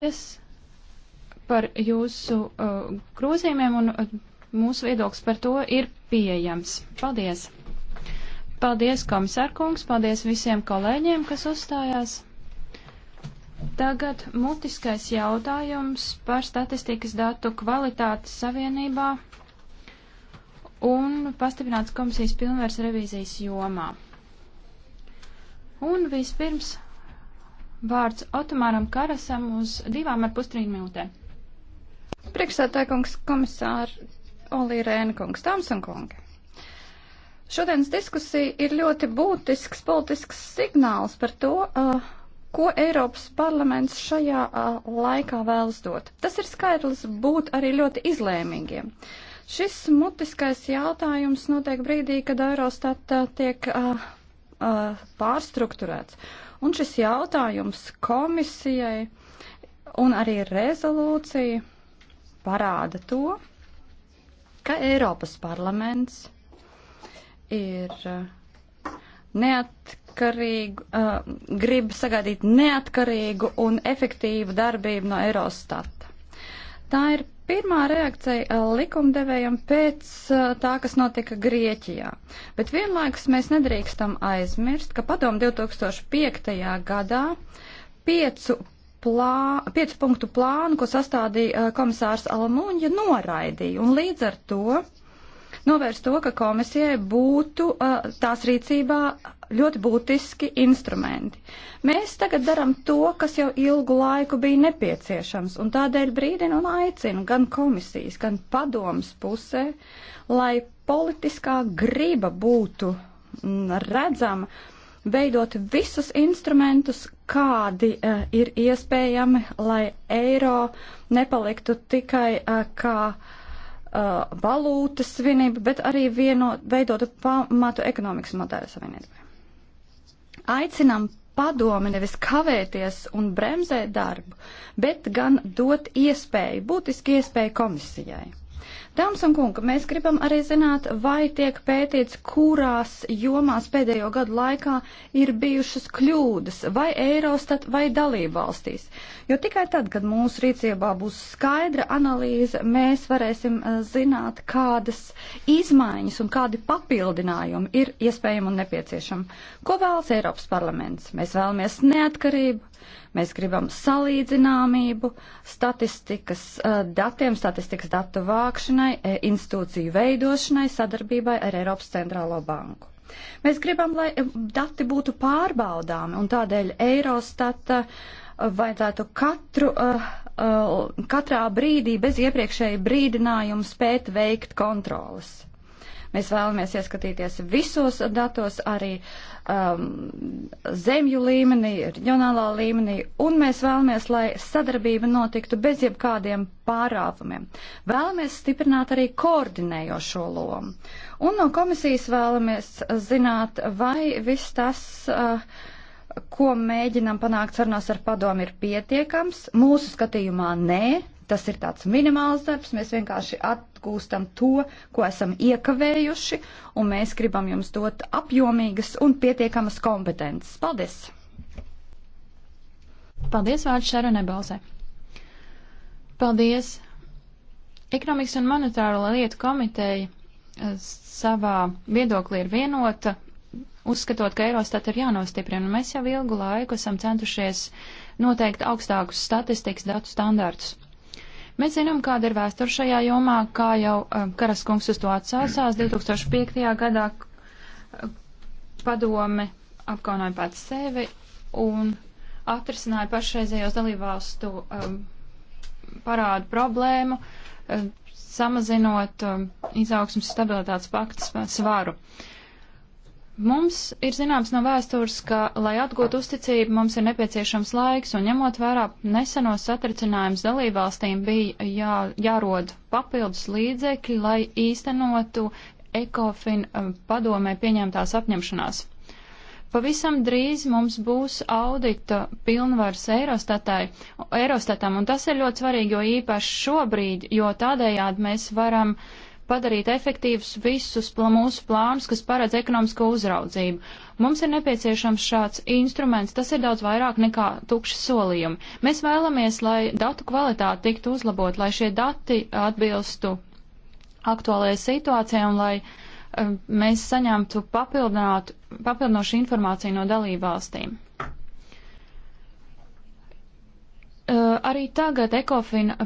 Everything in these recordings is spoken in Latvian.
Paldies par jūsu uh, grozījumiem un uh, mūsu viedoklis par to ir pieejams. Paldies! Paldies, komisārkungs, paldies visiem kolēģiem, kas uzstājās. Tagad mutiskais jautājums par statistikas datu kvalitātes savienībā un pastiprināts komisijas pilnvērs revīzijas jomā. Un vispirms vārds Otomāram Karasam uz divām ar pustrīm minūtēm. Priekšsētākungs, komisāri, Olī Rēnkungs, Tāms un kungi. Šodienas diskusija ir ļoti būtisks politisks signāls par to, uh, ko Eiropas parlaments šajā uh, laikā vēlas dot. Tas ir skaidrs būt arī ļoti izlēmīgiem. Šis mutiskais jautājums notiek brīdī, kad Eurostat uh, tiek uh, uh, pārstruktūrēts. Un šis jautājums komisijai un arī rezolūcija parāda to, ka Eiropas parlaments ir uh, neatkarīgu, uh, grib sagaidīt neatkarīgu un efektīvu darbību no Eurostat Tā ir pirmā reakcija uh, likumdevējam pēc uh, tā, kas notika Grieķijā. Bet vienlaikus mēs nedrīkstam aizmirst, ka padomu 2005. gadā piecu, plā, piecu punktu plānu, ko sastādīja uh, komisārs Alamūņa, noraidīja. Un līdz ar to novērst to, ka komisijai būtu tās rīcībā ļoti būtiski instrumenti. Mēs tagad daram to, kas jau ilgu laiku bija nepieciešams, un tādēļ brīdinu un aicinu gan komisijas, gan padomas pusē, lai politiskā griba būtu mm, redzama, veidot visus instrumentus, kādi uh, ir iespējami, lai eiro nepaliktu tikai uh, kā uh, valūtas svinība, bet arī vieno, veidotu pamatu ekonomikas modēļa savienībai aicinām padomi nevis kavēties un bremzēt darbu, bet gan dot iespēju, būtiski iespēju komisijai. Dāmas un kungi, mēs gribam arī zināt, vai tiek pētīts, kurās jomās pēdējo gadu laikā ir bijušas kļūdas, vai Eirostat, vai dalība valstīs. Jo tikai tad, kad mūsu rīcībā būs skaidra analīze, mēs varēsim eh, zināt, kādas izmaiņas un kādi papildinājumi ir iespējami un nepieciešami. Ko vēlas Eiropas parlaments? Mēs vēlamies neatkarību Mēs gribam salīdzināmību statistikas eh, datiem, statistikas datu vākšanai, eh, institūciju veidošanai, sadarbībai ar Eiropas centrālo banku. Mēs gribam, lai eh, dati būtu pārbaudāmi, un tādēļ Eirostata vajadzētu katru, katrā brīdī bez iepriekšēja brīdinājuma spēt veikt kontrolas. Mēs vēlamies ieskatīties visos datos, arī um, zemju līmenī, reģionālā līmenī, un mēs vēlamies, lai sadarbība notiktu bez jebkādiem pārāvumiem. Vēlamies stiprināt arī koordinējošo lomu. Un no komisijas vēlamies zināt, vai viss tas. Uh, ko mēģinam panākt sarunās ar padomu, ir pietiekams. Mūsu skatījumā nē, Tas ir tāds minimāls darbs, mēs vienkārši atgūstam to, ko esam iekavējuši, un mēs gribam jums dot apjomīgas un pietiekamas kompetences. Paldies! Paldies vārds Šaronai Balzē. Paldies! Ekonomikas un monetāro lietu komiteja eh, savā viedoklī ir vienota, uzskatot, ka Eirostat ir jānostiprina, un mēs jau ilgu laiku esam centušies noteikt augstākus statistikas datu standārtus. Mēs zinām, kāda ir vēsture šajā jomā, kā jau eh, Karaskungs uz to atsāsās 2005. gadā eh, padome apkaunoja pats sevi un atrisināja pašreizējos dalībvalstu um, parādu problēmu, um, samazinot um, izaugsmas stabilitātes paktas svaru. Uh, Mums ir zināms no vēstures, ka, lai atgūtu uzticību, mums ir nepieciešams laiks, un ņemot vērā nesenos satricinājumus dalībvalstīm bija jā, jārod papildus līdzekļi, lai īstenotu ECOFIN eh, padomē pieņemtās apņemšanās. Pavisam drīz mums būs audita pilnvars Eirostatam, un tas ir ļoti svarīgi, jo īpaši šobrīd, jo tādējādi mēs varam uh, padarīt efektīvus visus pl mūsu plānus, kas paredz ekonomisko uzraudzību. Mums ir nepieciešams šāds instruments, tas ir daudz vairāk nekā tukši solījumi. Mēs vēlamies, lai datu kvalitāte tiktu uzlabot, lai šie dati atbilstu aktuālajai situācijai un lai um, mēs saņemtu papildinošu informāciju no dalībvalstīm. Uh, arī tagad Ekofina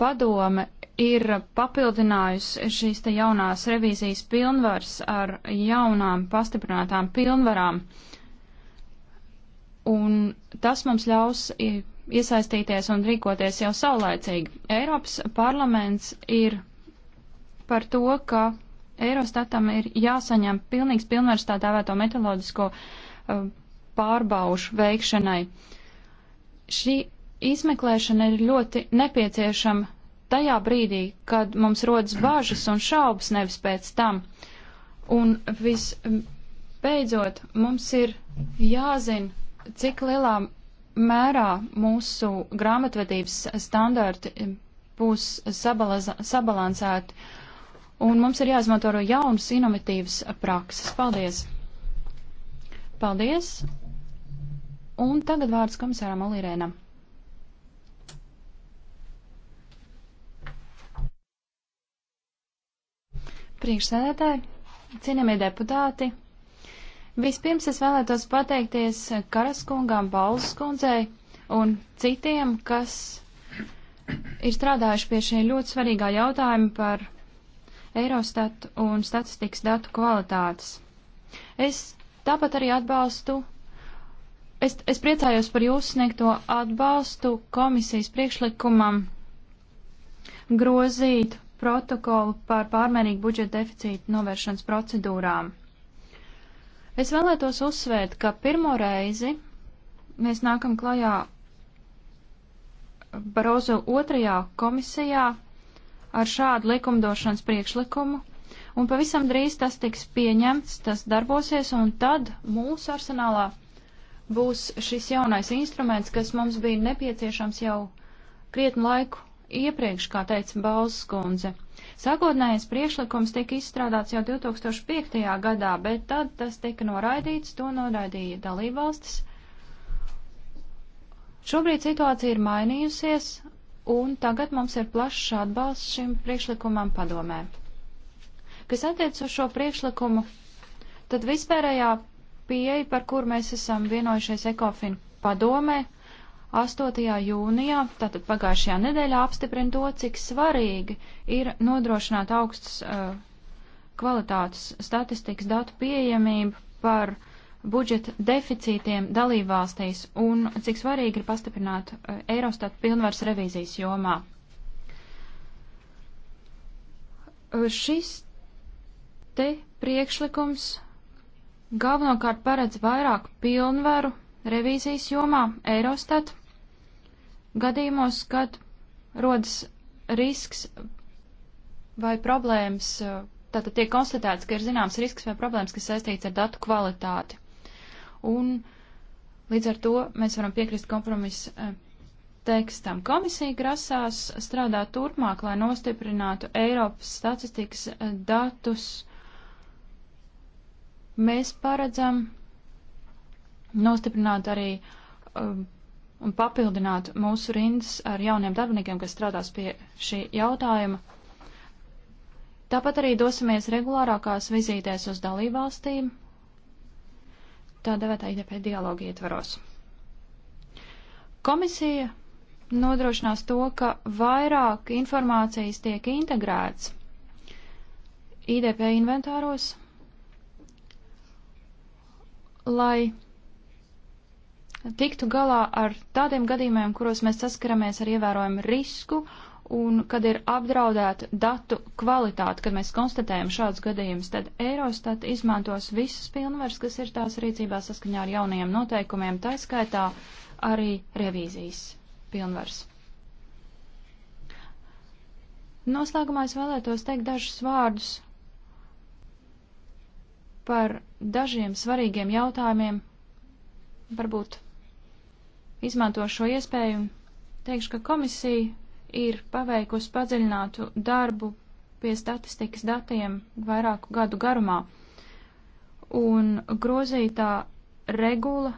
padome ir papildinājusi šīs te jaunās revīzijas pilnvars ar jaunām pastiprinātām pilnvarām. Un tas mums ļaus iesaistīties un rīkoties jau saulēcīgi. Eiropas parlaments ir par to, ka Eurostatam ir jāsaņem pilnīgs pilnvars tā dēvēto metoloģisko uh, pārbaušu veikšanai. Šī izmeklēšana ir ļoti nepieciešama tajā brīdī, kad mums rodas bažas un šaubas, nevis pēc tam. Un visbeidzot, mums ir jāzina, cik lielā mērā mūsu grāmatvedības standarti būs sabalansēti, un mums ir jāizmanto arī jaunas inovatīvas prakses. Paldies! Paldies! Un tagad vārds komisāram Olirēnam. priekšsēdētāji, cienījamie deputāti. Vispirms es vēlētos pateikties Karaskungām, Balzas kundzei un citiem, kas ir strādājuši pie šī ļoti svarīgā jautājuma par Eurostatu un statistikas datu kvalitātes. Es tāpat arī atbalstu, es, es priecājos par jūsu sniegto atbalstu komisijas priekšlikumam grozīt protokolu par pārmērīgu budžeta deficītu novēršanas procedūrām. Es vēlētos uzsvērt, ka pirmo reizi mēs nākam klajā Barozo otrajā komisijā ar šādu likumdošanas priekšlikumu, un pavisam drīz tas tiks pieņemts, tas darbosies, un tad mūsu arsenālā būs šis jaunais instruments, kas mums bija nepieciešams jau krietnu laiku iepriekš, kā teica Balsas kundze. Sākotnējais priekšlikums tika izstrādāts jau 2005. gadā, bet tad tas tika noraidīts, to noraidīja dalībvalstis. Šobrīd situācija ir mainījusies, un tagad mums ir plašs atbalsts šim priekšlikumam padomē. Kas attiec uz šo priekšlikumu, tad vispārējā pieeja, par kur mēs esam vienojušies Ekofin padomē, uh, 8. jūnijā, tātad pagājušajā nedēļā, apstiprina to, cik svarīgi ir nodrošināt augstas uh, kvalitātes statistikas datu pieejamību par budžeta deficītiem dalībvalstīs un cik svarīgi ir pastiprināt uh, Eurostat pilnvars revīzijas jomā. Uh, šis te priekšlikums galvenokārt paredz vairāk pilnvaru revīzijas jomā Eurostat gadījumos, kad rodas risks vai problēmas, tātad tiek konstatēts, ka ir zināms risks vai problēmas, kas saistīts ar datu kvalitāti. Un līdz ar to mēs varam piekrist kompromisu eh, tekstam. Komisija grasās strādāt turpmāk, lai nostiprinātu Eiropas statistikas eh, datus. Mēs paredzam nostiprināt arī um, un papildināt mūsu rindas ar jauniem darbiniekiem, kas strādās pie šī jautājuma. Tāpat arī dosimies regulārākās vizītēs uz dalībvalstīm, tā devētā IDP dialogu ietvaros. Komisija nodrošinās to, ka vairāk informācijas tiek integrēts IDP inventāros, lai tiktu galā ar tādiem gadījumiem, kuros mēs saskaramies ar ievērojumu risku un kad ir apdraudēta datu kvalitāte, kad mēs konstatējam šādus gadījumus, tad Eurostat izmantos visas pilnvaras, kas ir tās rīcībā saskaņā ar jaunajiem noteikumiem, tā skaitā arī revīzijas pilnvaras. Noslēgumā es vēlētos teikt dažus vārdus par dažiem svarīgiem jautājumiem, varbūt izmanto šo iespēju un teikšu, ka komisija ir paveikusi padziļinātu darbu pie statistikas datiem vairāku gadu garumā. Un grozītā regula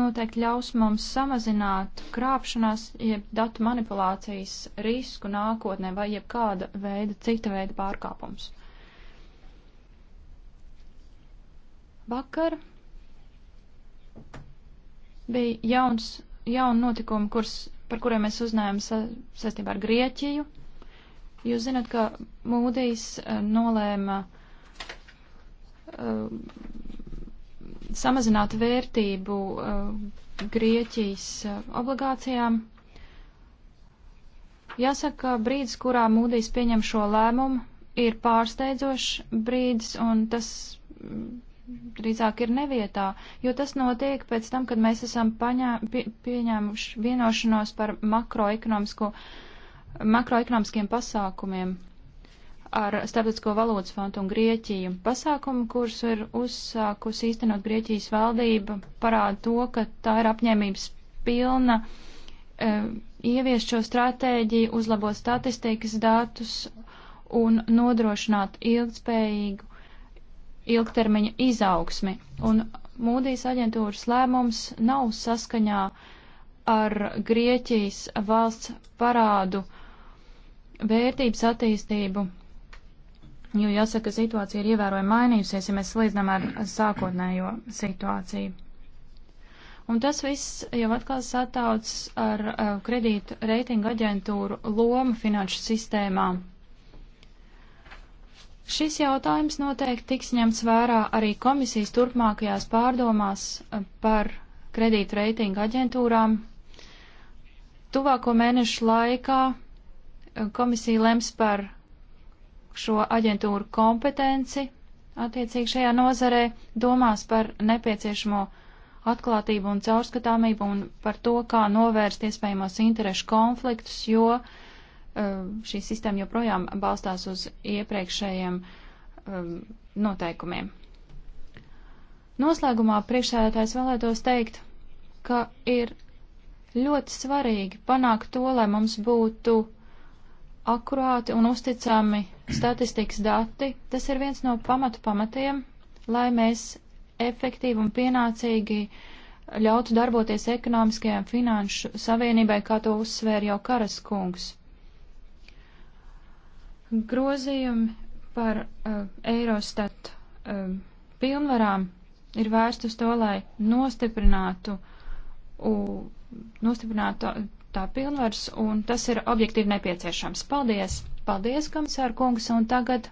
noteikti ļaus mums samazināt krāpšanās, jeb datu manipulācijas risku nākotnē vai jebkāda veida, cita veida pārkāpums. Vakar bija jauns jauni notikumi, kurs, par kuriem mēs uzzinājām sa saistībā ar Grieķiju. Jūs zināt, ka Mūdīs eh, nolēma uh, samazināt vērtību uh, Grieķijas uh, obligācijām. Jāsaka, brīdis, kurā Mūdīs pieņem šo lēmumu, ir pārsteidzošs brīdis, un tas drīzāk ir nevietā, jo tas notiek pēc tam, kad mēs esam paņē, pie, pieņēmuši vienošanos par makroekonomiskiem pasākumiem ar Starptautisko valodas fondu un Grieķiju. Pasākumu, kurus ir uzsākusi īstenot Grieķijas valdība, parāda to, ka tā ir apņēmības pilna e, ievies šo stratēģiju, uzlabot statistikas datus un nodrošināt ilgspējīgu ilgtermiņa izaugsmi, un Mūdīs aģentūras lēmums nav saskaņā ar Grieķijas valsts parādu vērtības attīstību, jo jāsaka, situācija ir ievērojami mainījusies, ja mēs salīdzinām ar sākotnējo situāciju. Un tas viss jau atkal satauc ar uh, kredītu reitingu aģentūru lomu finanšu sistēmām. Šis jautājums noteikti tiks ņemts vērā arī komisijas turpmākajās pārdomās eh, par kredītu reitingu aģentūrām. Tuvāko mēnešu laikā eh, komisija lems par šo aģentūru kompetenci attiecīgi šajā nozarē, domās par nepieciešamo atklātību un caurskatāmību un par to, kā novērst iespējamos interešu konfliktus, jo uh, Um, šī sistēma joprojām balstās uz iepriekšējiem um, noteikumiem. Noslēgumā priekšsēdētājs vēlētos teikt, ka ir ļoti svarīgi panākt to, lai mums būtu akurāti un uzticami statistikas dati. Tas ir viens no pamatu pamatiem, lai mēs efektīvi un pienācīgi ļautu darboties ekonomiskajām finanšu savienībai, kā to uzsvēra jau Karas kungs. Grozījumi par uh, Eirostat uh, um, pilnvarām ir vērsti uz to, lai nostiprinātu, uh, nostiprinātu tā pilnvars, un tas ir objektīvi nepieciešams. Paldies! Paldies, komisāra kungs, un tagad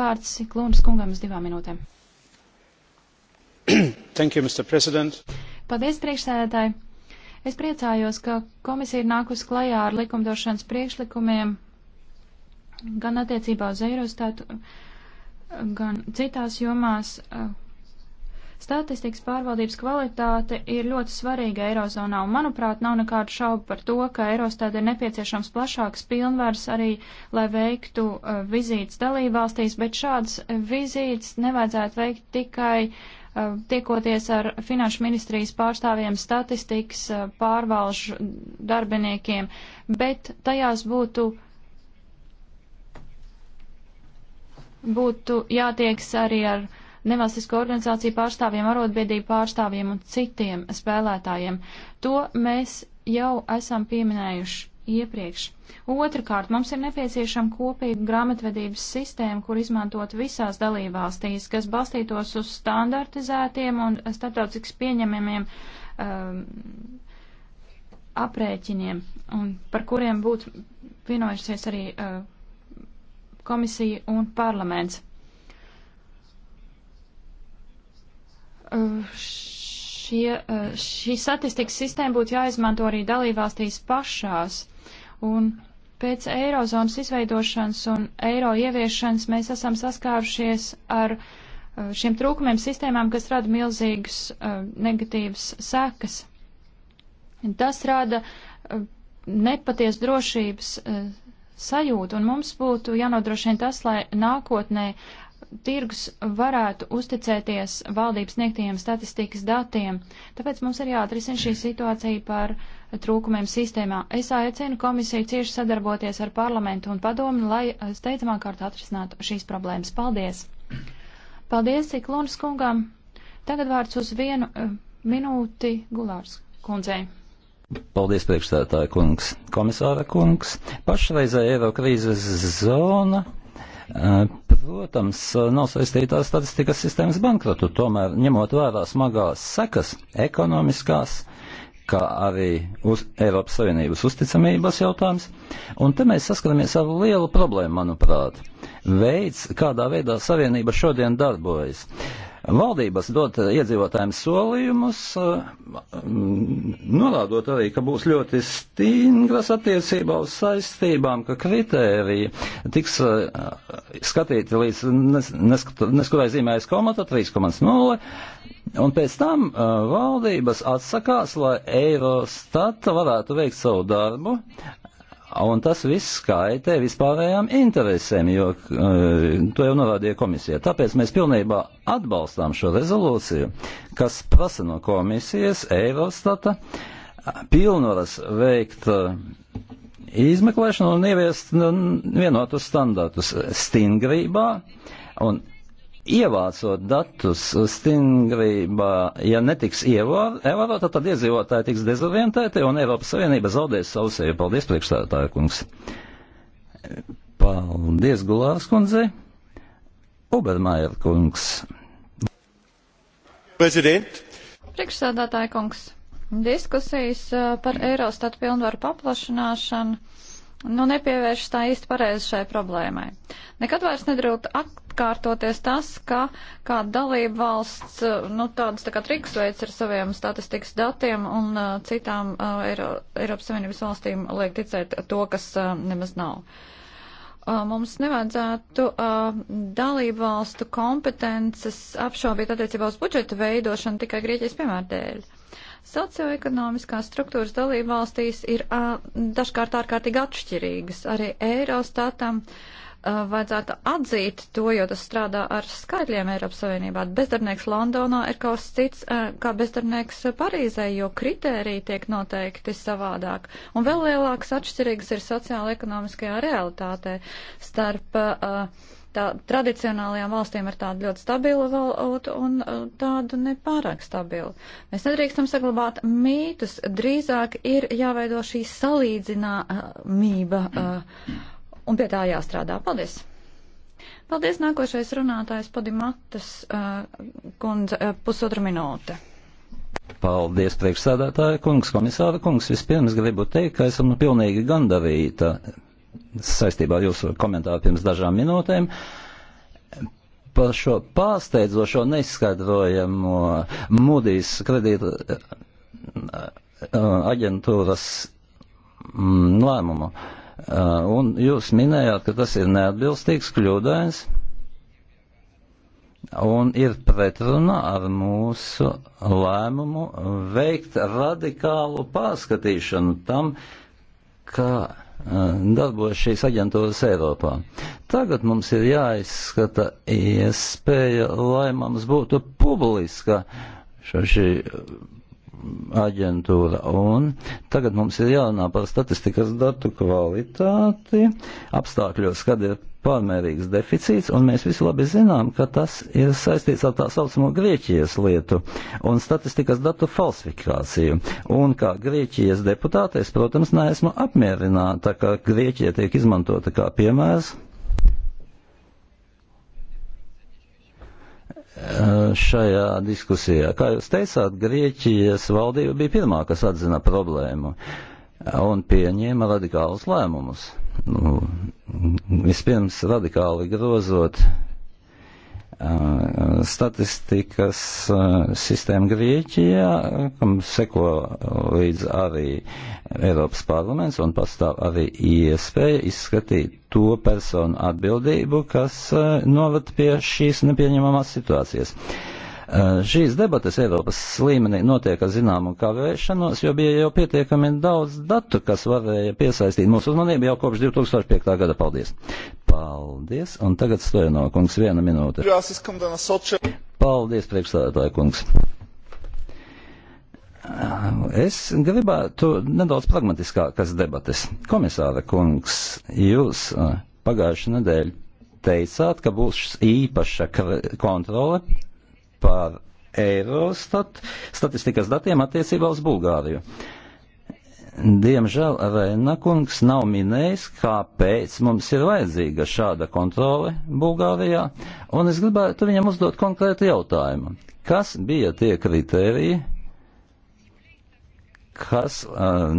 vārds Klūnas kungam uz divām minūtēm. Thank you, Mr. President. Paldies, priekšsēdētāji! Es priecājos, ka komisija ir nākus klajā ar likumdošanas priekšlikumiem gan attiecībā uz Eirostatu, gan citās jomās. Statistikas pārvaldības kvalitāte ir ļoti svarīga Eirozonā, un, manuprāt, nav nekādu šaubu par to, ka Eirostāda ir nepieciešams plašāks pilnvars arī, lai veiktu uh, vizītes dalībvalstīs, bet šādas vizītes nevajadzētu veikt tikai uh, tiekoties ar finanšu ministrijas pārstāvjiem, statistikas uh, pārvalžu darbiniekiem, bet tajās būtu uh, būtu jātieks arī ar nevalstisko organizāciju pārstāvjiem, arotbiedību pārstāvjiem un citiem spēlētājiem. To mēs jau esam pieminējuši iepriekš. Otrakārt, mums ir nepieciešama kopīga grāmatvedības sistēma, kur izmantot visās dalībvalstīs, kas balstītos uz standartizētiem un starptautiski pieņemamiem um, aprēķiniem, un par kuriem būtu vienojusies arī uh, komisija un parlaments. Uh, šie, uh, šī statistikas sistēma būtu jāizmanto arī dalībvalstīs pašās. Un pēc eirozonas izveidošanas un eiro ieviešanas mēs esam saskārušies ar uh, šiem trūkumiem sistēmām, kas rada milzīgas negatīvas sekas. Tas rada nepaties drošības sajūtu, un mums būtu jānodrošina tas, lai nākotnē tirgus varētu uzticēties valdības sniegtajiem statistikas datiem. Tāpēc mums ir jāatrisina šī situācija par trūkumiem sistēmā. Es aicinu komisiju cieši sadarboties ar parlamentu un padomu, lai eh, steidzamā kārtā atrisinātu šīs problēmas. Paldies! Paldies, Iklonas kungam! Tagad vārds uz vienu eh, minūti Gulārs kundzei. Paldies, priekšstādātāja kungs, komisāra kungs. Pašreizēja eiro krīzes zona, eh, protams, nav saistītā statistikas sistēmas bankrotu, tomēr ņemot vērā smagās sekas ekonomiskās, kā arī uz Eiropas Savienības uzticamības jautājums. Un te mēs saskaramies ar lielu problēmu, manuprāt. Veids, kādā veidā Savienība šodien darbojas. Uh, Valdības dot eh, iedzīvotājiem solījumus, eh, norādot arī, ka būs ļoti stingras attiecībā uz saistībām, ka kritēriji tiks eh, skatīti līdz neskurai zīmējas komata 3,0. Un pēc tam uh, valdības atsakās, lai Eurostata varētu veikt savu darbu, Un tas viss skaitē vispārējām interesēm, jo eh, to jau norādīja komisija. Tāpēc mēs pilnībā atbalstām šo rezolūciju, kas prasa no komisijas Eirostata pilnvaras veikt eh, izmeklēšanu un ieviest vienotus standartus stingrībā un Ievācot datus stingrībā, ja netiks ievērota, tad iedzīvotāji tiks dezorientēti un Eiropas Savienība zaudēs savu sevi. Paldies, priekšstādātāja kungs. Paldies, Gulārs kundze. Obermajer kungs. Prezident. Priekšstādātāja kungs. Diskusijas uh, par Eurostatu pilnvaru paplašināšanu nu, nepievēršas tā īsti pareizi šai problēmai. Nekad vairs nedrūkt atkārtoties tas, ka kāda dalība valsts, nu, tādas tā kā triks veids ar saviem statistikas datiem un uh, citām uh, Eiro, Eiropas Savienības valstīm liek ticēt to, kas uh, nemaz nav. Uh, mums nevajadzētu uh, dalību valstu kompetences apšaubīt attiecībā uz budžeta veidošanu tikai Grieķijas piemērdēļ. Uh, Socioekonomiskās struktūras dalība valstīs ir uh, dažkārt ārkārtīgi atšķirīgas. Arī Eirostatam uh, vajadzētu atzīt to, jo tas strādā ar skaitļiem Eiropas Savienībā. Bezdarbnieks Londonā ir kaut kas cits uh, kā bezdarbnieks Parīzē, jo kritēriji tiek noteikti savādāk. Un vēl lielākas atšķirīgas ir sociāla ekonomiskajā realitātē starp uh, tā, tradicionālajām valstīm ir tāda ļoti stabila valūta un e, tādu nepārāk stabila. Mēs nedrīkstam saglabāt mītus, drīzāk ir jāveido šī salīdzināmība e, un pie tā jāstrādā. Paldies! Paldies, nākošais runātājs Padimatas e, kundze, pusotra minūte. Paldies, priekšsādātāja kungs, komisāra kungs. Vispirms gribu teikt, ka esmu pilnīgi gandavīta saistībā ar jūsu komentāru pirms dažām minūtēm. Par šo pārsteidzošo neizskaidrojamo Moody's kredīta uh, aģentūras mm, lēmumu. Uh, un jūs minējāt, ka tas ir neatbilstīgs, kļūdains un ir pretrunā ar mūsu lēmumu veikt radikālu pārskatīšanu tam, kā darbojas šīs aģentūras Eiropā. Tagad mums ir jāizskata iespēja, lai mums būtu publiska šī aģentūra. Un tagad mums ir jārunā par statistikas datu kvalitāti apstākļos, kad ir pārmērīgs deficīts, un mēs visi labi zinām, ka tas ir saistīts ar tā saucamo Grieķijas lietu un statistikas datu falsifikāciju. Un kā Grieķijas deputātais, protams, neesmu apmierināta, ka Grieķija tiek izmantota kā piemērs šajā diskusijā. Kā jūs teicāt, Grieķijas valdība bija pirmā, kas atzina problēmu un pieņēma radikālus lēmumus. Nu, vispirms radikāli grozot Uh, statistikas uh, sistēma Grieķijā, kam seko līdz arī Eiropas parlaments un pastāv arī iespēja izskatīt to personu atbildību, kas uh, novad pie šīs nepieņemamās situācijas. Šīs debates Eiropas līmenī notiek ar zināmu kavēšanos, jo bija jau pietiekami daudz datu, kas varēja piesaistīt mūsu uzmanību jau kopš 2005. gada. Paldies! Paldies, un tagad Stojano kungs viena minūte. Paldies, priekšstādātāja kungs. Es gribētu nedaudz pragmatiskākas debates. Komisāra kungs, jūs pagājušajā nedēļā teicāt, ka būs īpaša kontrole pār Eurostat statistikas datiem attiecībā uz Bulgāriju. Uh, Diemžēl Reina kungs nav minējis, kāpēc mums ir vajadzīga šāda kontrole Bulgārijā, un es gribētu viņam uzdot konkrētu jautājumu. Kas bija tie kriteriji, kas uh,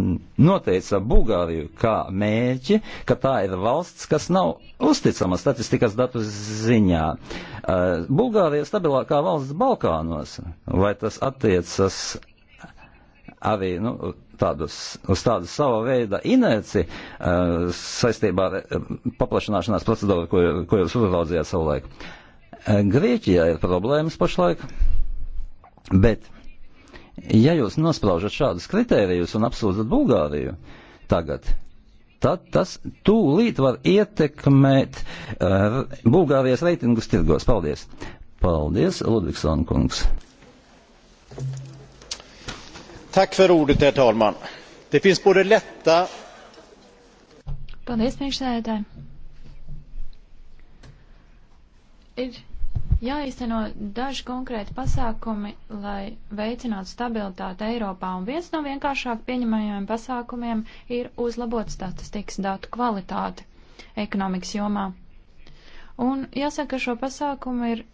noteica Bulgāriju kā mērķi, ka tā ir valsts, kas nav uzticama statistikas datu ziņā. Uh, Bulgārija ir stabilākā valsts Balkānos, vai tas attiecas arī nu, tādus, uz tādu savu veidu inerci uh, saistībā ar uh, paplašanāšanās procedūru, ko, ko jūs uzraudzījāt savu laiku. Uh, Grieķijā ir problēmas pašlaik, bet ja jūs nospraužat šādus kritērijus un apsūdzat Bulgāriju tagad, tad tas tūlīt var ietekmēt uh, Bulgārijas reitingus tirgos. Paldies! Paldies, Ludvigsson kungs! Herr talman! Det finns både lätta. Paldies, priekšsēdētāji. Ir jāizteno daži konkrēti pasākumi, lai veicinātu stabilitāti Eiropā, un viens no vienkāršāk pieņemajiem pasākumiem ir uzlabot statistikas datu kvalitāti ekonomikas jomā. Un jāsaka, ka šo pasākumu ir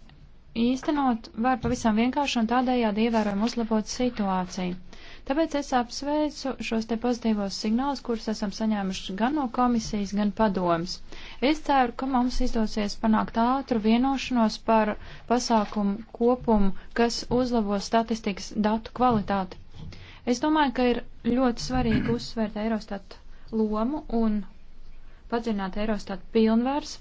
īstenot var pavisam vienkārši un tādējādi ievērojami uzlabot situāciju. Tāpēc es apsveicu šos te pozitīvos signālus, kurus esam saņēmuši gan no komisijas, gan padomas. Es ceru, ka mums izdosies panākt ātru vienošanos par pasākumu kopumu, kas uzlabos statistikas datu kvalitāti. Es domāju, ka ir ļoti svarīgi uzsvērt Eurostat lomu un padzināt Eurostat pilnvars.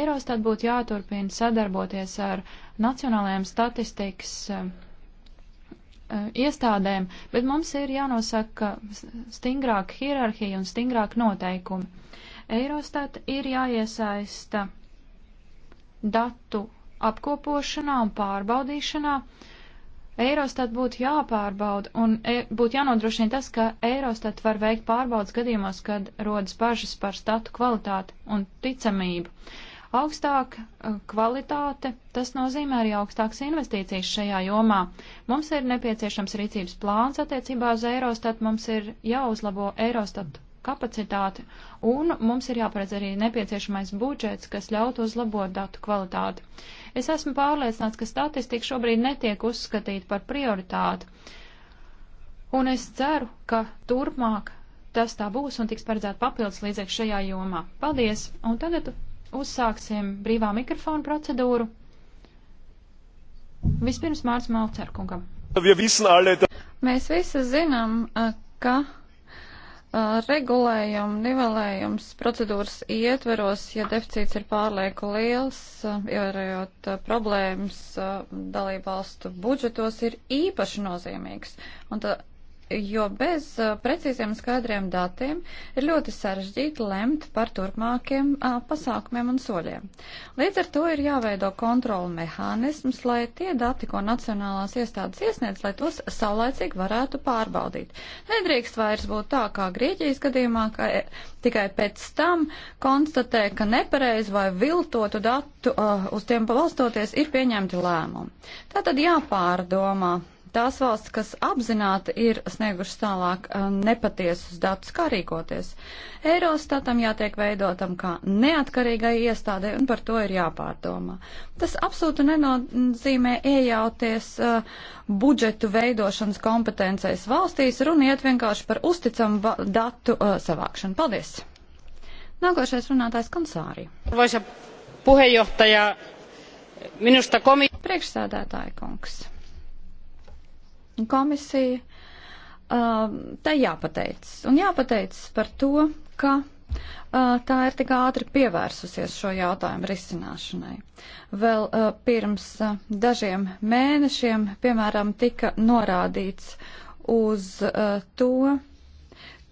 Eurostat būtu jāturpina sadarboties ar nacionālajiem statistikas uh, Eh, iestādēm, bet mums ir jānosaka stingrāka hierarhija un stingrāka noteikumi. Eirostat ir jāiesaista datu apkopošanā un pārbaudīšanā. Eirostat būtu jāpārbauda un e būtu jānodrošina tas, ka Eirostat var veikt pārbaudas gadījumos, kad rodas bažas par statu kvalitāti un ticamību. Augstāka eh, kvalitāte, tas nozīmē arī augstākas investīcijas šajā jomā. Mums ir nepieciešams rīcības plāns attiecībā uz Eurostat, mums ir jāuzlabo Eurostat kapacitāti un mums ir jāparedz arī nepieciešamais budžets, kas ļautu uzlabot datu kvalitāti. Es esmu pārliecināts, ka statistika šobrīd netiek uzskatīta par prioritāti. Un es ceru, ka turpmāk tas tā būs un tiks paredzēt papildus līdzekļu šajā jomā. Paldies! Un tagad uzsāksim brīvā mikrofonu procedūru. Vispirms Mārts Malcerkungam. Mēs visi zinām, ka regulējuma nivelējums procedūras ietveros, ja deficīts ir pārlieku liels, ievērojot problēmas dalībvalstu budžetos, ir īpaši nozīmīgs. Un tā jo bez uh, precīziem un skaidriem datiem ir ļoti sarežģīti lemt par turpmākiem a, uh, pasākumiem un soļiem. Līdz ar to ir jāveido kontrola mehānisms, lai tie dati, ko nacionālās iestādes iesniedz, lai tos saulēcīgi varētu pārbaudīt. Nedrīkst vairs būt tā, kā Grieķijas gadījumā, ka e, tikai pēc tam konstatē, ka nepareiz vai viltotu datu a, uh, uz tiem balstoties ir pieņemti lēmumi. Tātad jāpārdomā tās valsts, kas apzināti ir sniegušas tālāk eh, nepatiesus datus, kā rīkoties. Eirostatam jātiek veidotam kā neatkarīgai iestādē, un par to ir jāpārdomā. Tas absolūti nenozīmē iejauties uh, budžetu veidošanas kompetencijas valstīs, runa iet vienkārši par uzticamu datu uh, savākšanu. Paldies! Nākošais runātājs Kansārī. Arvoisa puheenjohtaja, minusta komi... Priekšsēdētāja kungs komisija, uh, tai jāpateicas. Un jāpateicas par to, ka uh, tā ir tik ātri pievērsusies šo jautājumu risināšanai. Vēl uh, pirms uh, dažiem mēnešiem, piemēram, tika norādīts uz uh, to,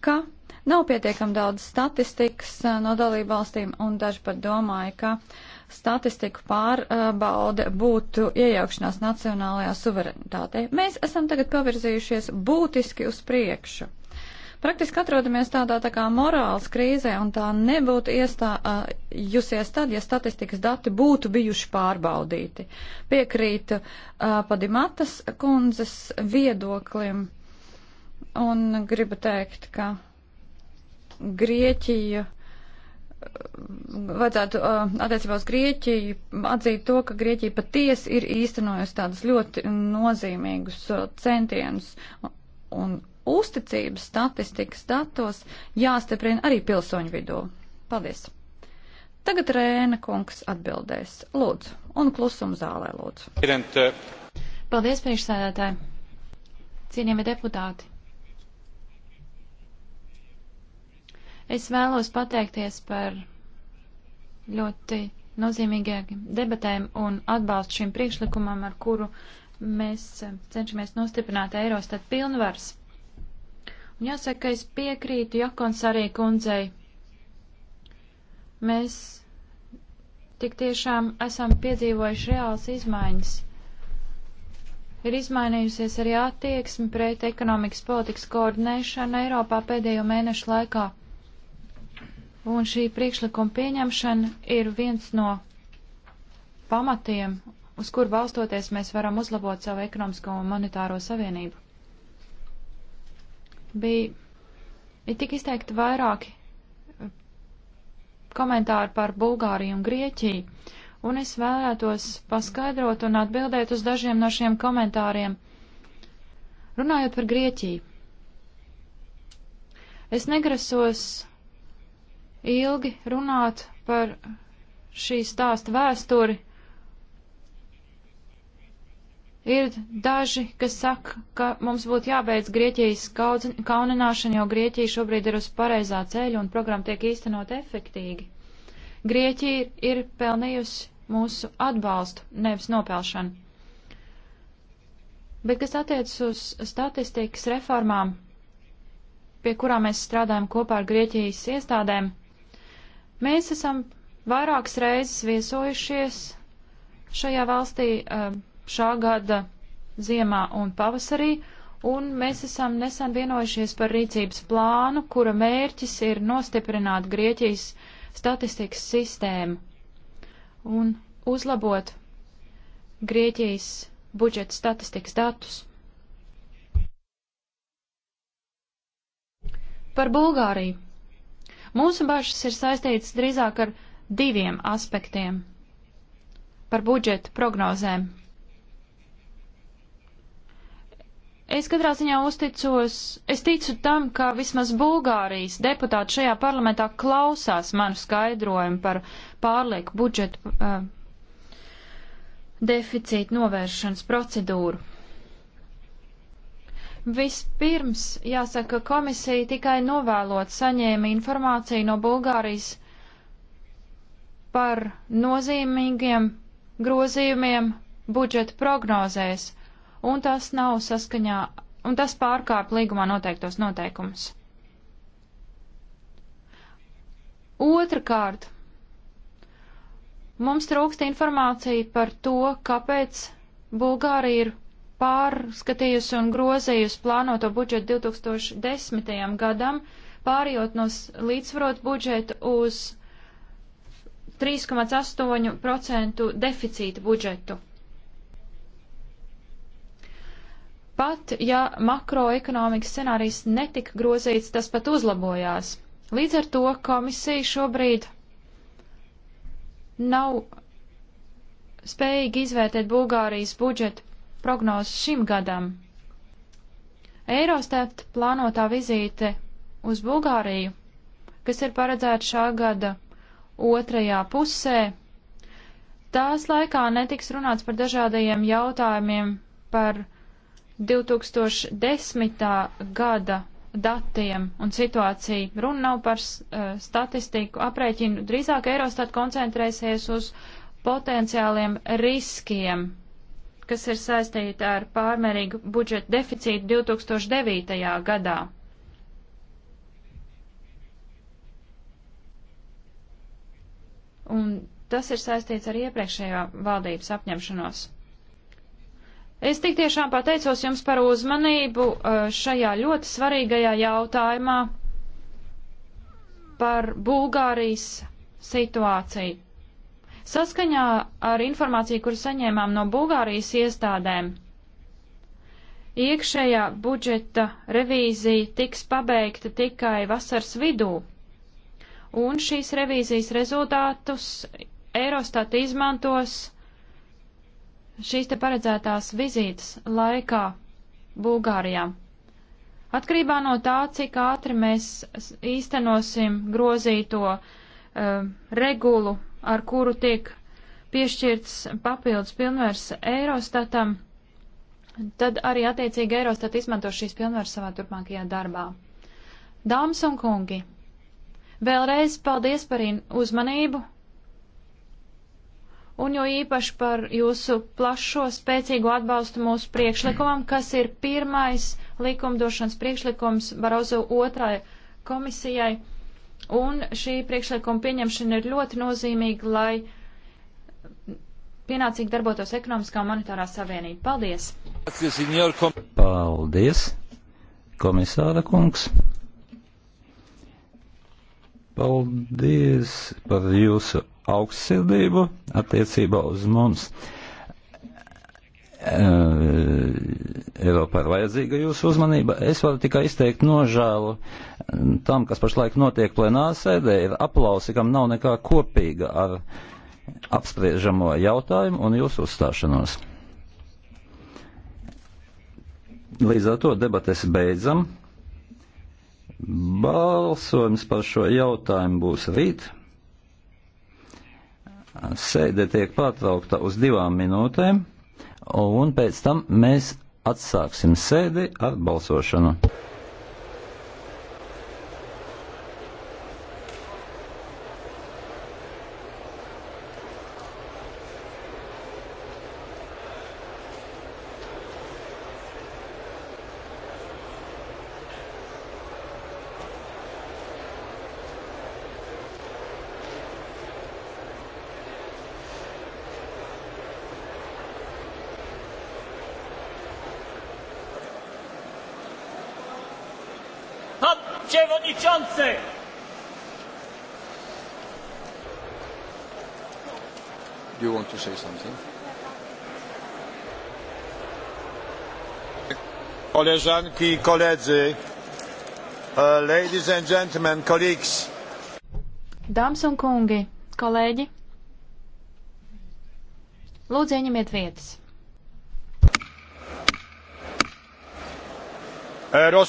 ka Nav pietiekam daudz statistikas eh, no dalību valstīm, un daži pat domāja, ka statistiku pārbaude būtu iejaukšanās nacionālajā suverenitātei. Mēs esam tagad pavirzījušies būtiski uz priekšu. Praktiski atrodamies tādā tā kā morāls krīzē, un tā nebūtu iestājusies tad, ja statistikas dati būtu bijuši pārbaudīti. Piekrītu uh, Padimatas kundzes viedoklim, un gribu teikt, ka Grieķija vajadzētu attiecībā uz Grieķiju atzīt to, ka Grieķija patiesi ir īstenojusi tādus ļoti nozīmīgus centienus un uzticības statistikas datos jāstiprina arī pilsoņu vidū. Paldies! Tagad Rēna kungs atbildēs. Lūdzu, un klusumu zālē lūdzu. Paldies, priekšsēdētāji! Cienījami deputāti! Es vēlos pateikties par ļoti nozīmīgiem debatēm un atbalstu šim priekšlikumam, ar kuru mēs eh, cenšamies nostiprināt Eirostat pilnvars. Un jāsaka, ka es piekrītu Jakons arī kundzei. Mēs tik tiešām esam piedzīvojuši reāls izmaiņas. Ir izmainījusies arī attieksme pret ekonomikas politikas koordinēšanu Eiropā pēdējo mēnešu laikā. Un šī priekšlikuma pieņemšana ir viens no pamatiem, uz kur balstoties mēs varam uzlabot savu ekonomisko un monetāro savienību. Bija ir tik izteikti vairāki eh, komentāri par Bulgāriju un Grieķiju, un es vēlētos paskaidrot un atbildēt uz dažiem no šiem komentāriem. Runājot par Grieķiju, es negrasos ilgi runāt par šī stāsta vēsturi. Ir daži, kas saka, ka mums būtu jābeidz Grieķijas kaunināšana, jo Grieķija šobrīd ir uz pareizā ceļa un programma tiek īstenot efektīgi. Grieķija ir pelnījusi mūsu atbalstu, nevis nopelšanu. Bet kas attiecas uz statistikas reformām, pie kurām mēs strādājam kopā ar Grieķijas iestādēm, Mēs esam vairākas reizes viesojušies šajā valstī eh, šā gada ziemā un pavasarī, un mēs esam nesen vienojušies par rīcības plānu, kura mērķis ir nostiprināt Grieķijas statistikas sistēmu un uzlabot Grieķijas budžeta statistikas datus. Par Bulgāriju Mūsu bažas ir saistītas drīzāk ar diviem aspektiem - par budžeta prognozēm. Es katrā ziņā uzticos, es ticu tam, ka vismaz Bulgārijas deputāti šajā parlamentā klausās manu skaidrojumu par pārlieku budžetu uh, deficītu novēršanas procedūru. Vispirms, jāsaka, komisija tikai novēlot saņēma informāciju no Bulgārijas par nozīmīgiem grozījumiem budžeta prognozēs, un tas nav saskaņā, un tas pārkāp līgumā noteiktos noteikumus. Otrakārt, mums trūkst informācija par to, kāpēc Bulgārija ir pārskatījusi un grozījusi plānoto budžetu 2010. gadam, pārējot no līdzsvarot budžetu uz 3,8% deficīta budžetu. Pat ja makroekonomikas scenārijs netika grozīts, tas pat uzlabojās. Līdz ar to komisija šobrīd nav spējīgi izvērtēt Bulgārijas budžetu prognozes šim gadam. Eirostat plānotā vizīte uz Bulgāriju, kas ir paredzēta šā gada otrajā pusē, tās laikā netiks runāts par dažādajiem jautājumiem par 2010. gada datiem un situāciju. Runa nav par uh, statistiku aprēķinu, drīzāk Eurostat koncentrēsies uz potenciāliem riskiem kas ir saistīta ar pārmērīgu budžeta deficītu 2009. gadā. Un tas ir saistīts ar iepriekšējā valdības apņemšanos. Es tik tiešām pateicos jums par uzmanību uh, šajā ļoti svarīgajā jautājumā par Bulgārijas situāciju. Saskaņā ar informāciju, kur saņēmām no Bulgārijas iestādēm, iekšējā budžeta revīzija tiks pabeigta tikai vasaras vidū, un šīs revīzijas rezultātus Eurostat izmantos šīs te paredzētās vizītes laikā Bulgārijā. Atkarībā no tā, cik ātri mēs īstenosim grozīto uh, regulu ar kuru tiek piešķirts papildus pilnvērs Eirostatam, tad arī attiecīgi Eirostat izmanto šīs pilnvērs savā turpmākajā darbā. Dāmas un kungi, vēlreiz paldies par uzmanību un jo īpaši par jūsu plašo spēcīgo atbalstu mūsu priekšlikumam, kas ir pirmais likumdošanas priekšlikums Barozo otrai komisijai. Un šī priekšlikuma pieņemšana ir ļoti nozīmīga, lai pienācīgi darbotos ekonomiskā un monetārā savienība. Paldies! Paldies, komisāra kungs! Paldies par jūsu augstsirdību attiecībā uz mums! Eh, Eiropa ir vajadzīga jūsu uzmanība. Es varu tikai izteikt nožēlu tam, kas pašlaik notiek plenāra sēdē, ir aplausi, kam nav nekā kopīga ar apspriežamo jautājumu un jūsu uzstāšanos. Līdz ar to debates beidzam. Balsojums par šo jautājumu būs rīt. Sēde tiek pārtraukta uz divām minūtēm un pēc tam mēs atsāksim sēdi ar balsošanu. say something? Koleżanki i koledzy, uh, ladies and gentlemen, colleagues. Dāmas un kungi, kolēģi, lūdzu ieņemiet vietas. E,